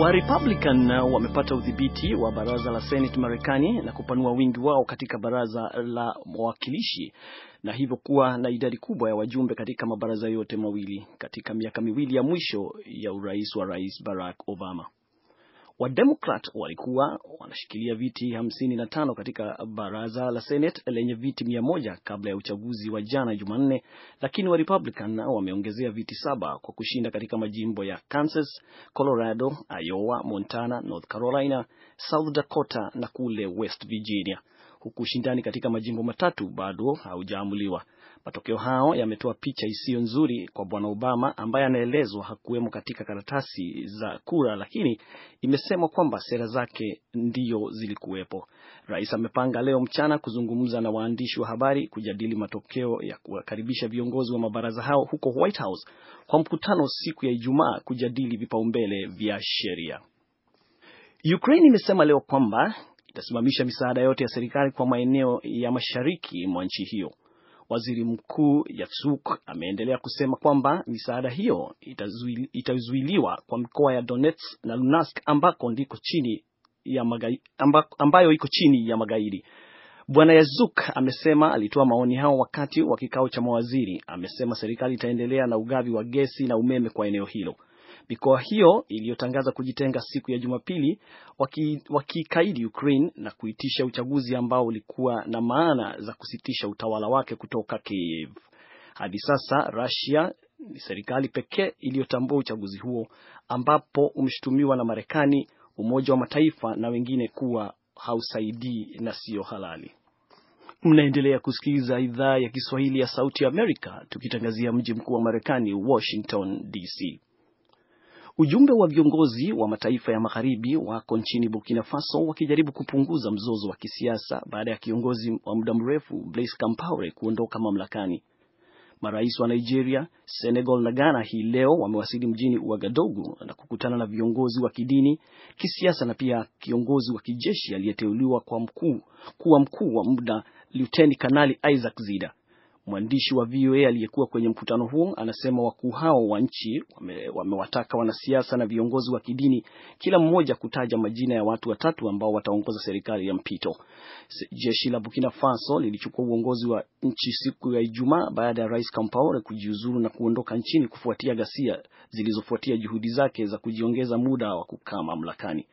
Wa Republican uh, wamepata udhibiti wa baraza la Senate Marekani na kupanua wingi wao katika baraza la wawakilishi na hivyo kuwa na idadi kubwa ya wajumbe katika mabaraza yote mawili katika miaka miwili ya mwisho ya urais wa Rais Barack Obama. Wademokrat walikuwa wanashikilia viti hamsini na tano katika baraza la Senate lenye viti mia moja kabla ya uchaguzi wa jana Jumanne, lakini Warepublican wameongezea viti saba kwa kushinda katika majimbo ya Kansas, Colorado, Iowa, Montana, North Carolina South Dakota na kule West Virginia, huku ushindani katika majimbo matatu bado haujaamuliwa. Matokeo hayo yametoa picha isiyo nzuri kwa Bwana Obama ambaye anaelezwa hakuwemo katika karatasi za kura, lakini imesemwa kwamba sera zake ndiyo zilikuwepo. Rais amepanga leo mchana kuzungumza na waandishi wa habari kujadili matokeo ya kuwakaribisha viongozi wa mabaraza hao huko White House kwa mkutano siku ya Ijumaa kujadili vipaumbele vya sheria. Ukraine imesema leo kwamba itasimamisha misaada yote ya serikali kwa maeneo ya mashariki mwa nchi hiyo. Waziri Mkuu Yatsuk ameendelea kusema kwamba misaada hiyo itazuiliwa kwa mikoa ya Donetsk na lunask ambako ndiko chini ya magai, ambako, ambayo iko chini ya magaidi. Bwana Yazuk amesema alitoa maoni hao wakati wa kikao cha mawaziri. Amesema serikali itaendelea na ugavi wa gesi na umeme kwa eneo hilo. Mikoa hiyo iliyotangaza kujitenga siku ya Jumapili wakikaidi waki Ukraine na kuitisha uchaguzi ambao ulikuwa na maana za kusitisha utawala wake kutoka Kiev. Hadi sasa Russia ni serikali pekee iliyotambua uchaguzi huo ambapo umeshutumiwa na Marekani, Umoja wa Mataifa na wengine kuwa hausaidii na siyo halali. Mnaendelea kusikiliza idhaa ya Kiswahili ya Sauti ya Amerika, tukitangazia mji mkuu wa Marekani, Washington DC. Ujumbe wa viongozi wa mataifa ya magharibi wako nchini Burkina Faso wakijaribu kupunguza mzozo wa kisiasa baada ya kiongozi wa muda mrefu Blaise Compaore kuondoka mamlakani. Marais wa Nigeria, Senegal na Ghana hii leo wamewasili mjini Uagadogu na kukutana na viongozi wa kidini, kisiasa na pia kiongozi wa kijeshi aliyeteuliwa kwa mkuu kuwa mkuu wa muda Luteni Kanali Isaac Zida. Mwandishi wa VOA aliyekuwa kwenye mkutano huo anasema wakuu hao wa nchi wamewataka wame wanasiasa na viongozi wa kidini kila mmoja kutaja majina ya watu watatu ambao wataongoza serikali ya mpito. Jeshi la Burkina Faso lilichukua uongozi wa nchi siku ya Ijumaa baada ya Rais Compaore kujiuzuru na kuondoka nchini kufuatia ghasia zilizofuatia juhudi zake za kujiongeza muda wa kukaa mamlakani.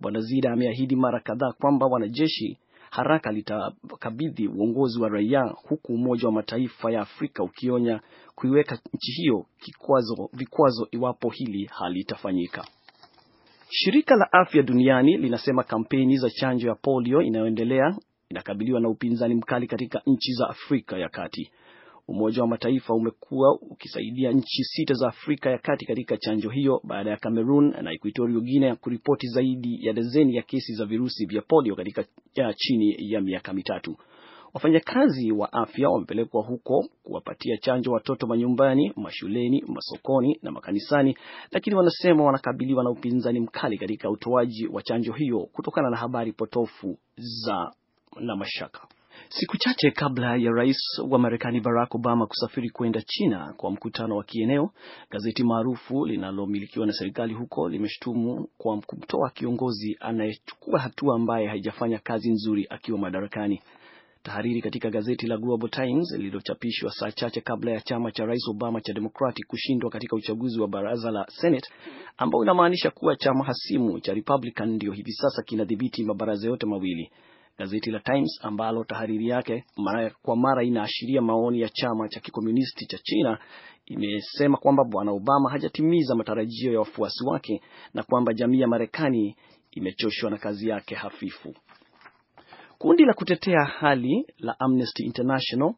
Bwana Zida ameahidi mara kadhaa kwamba wanajeshi haraka litakabidhi uongozi wa raia, huku Umoja wa Mataifa ya Afrika ukionya kuiweka nchi hiyo kikwazo, vikwazo iwapo hili halitafanyika. Shirika la Afya Duniani linasema kampeni za chanjo ya polio inayoendelea inakabiliwa na upinzani mkali katika nchi za Afrika ya Kati. Umoja wa Mataifa umekuwa ukisaidia nchi sita za Afrika ya Kati katika chanjo hiyo baada ya Cameroon na Equatorial Guinea kuripoti zaidi ya dazeni ya kesi za virusi vya polio katika ya chini ya miaka mitatu. Wafanyakazi wa afya wamepelekwa huko kuwapatia chanjo watoto manyumbani, mashuleni, masokoni na makanisani, lakini wanasema wanakabiliwa na upinzani mkali katika utoaji wa chanjo hiyo kutokana na habari potofu za na mashaka. Siku chache kabla ya rais wa Marekani Barack Obama kusafiri kwenda China kwa mkutano wa kieneo, gazeti maarufu linalomilikiwa na serikali huko limeshtumu kwa kumtoa kiongozi anayechukua hatua ambaye haijafanya kazi nzuri akiwa madarakani. Tahariri katika gazeti la Global Times lililochapishwa saa chache kabla ya chama cha rais Obama cha Demokrati kushindwa katika uchaguzi wa baraza la Senate ambao inamaanisha kuwa chama hasimu cha Republican ndio hivi sasa kinadhibiti mabaraza yote mawili gazeti la Times ambalo tahariri yake mara kwa mara inaashiria maoni ya chama cha kikomunisti cha China imesema kwamba Bwana Obama hajatimiza matarajio ya wafuasi wake na kwamba jamii ya Marekani imechoshwa na kazi yake hafifu. Kundi la kutetea hali la Amnesty International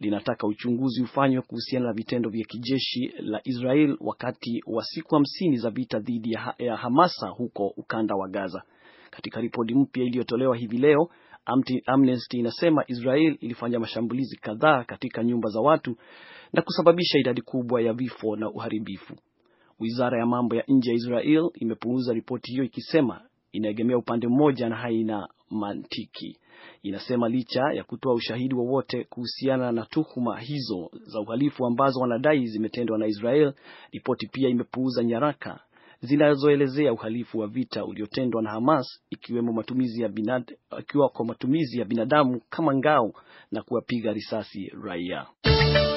linataka uchunguzi ufanywe kuhusiana na vitendo vya kijeshi la Israel wakati wa siku hamsini za vita dhidi ya Hamasa huko ukanda wa Gaza. Katika ripoti mpya iliyotolewa hivi leo, Amnesty inasema Israel ilifanya mashambulizi kadhaa katika nyumba za watu na kusababisha idadi kubwa ya vifo na uharibifu. Wizara ya mambo ya nje ya Israel imepuuza ripoti hiyo ikisema inaegemea upande mmoja na haina mantiki. Inasema licha ya kutoa ushahidi wowote kuhusiana na tuhuma hizo za uhalifu ambazo wanadai zimetendwa na Israel, ripoti pia imepuuza nyaraka zinazoelezea uhalifu wa vita uliotendwa na Hamas ikiwemo matumizi ya binad, ikiwa kwa matumizi ya binadamu kama ngao na kuwapiga risasi raia.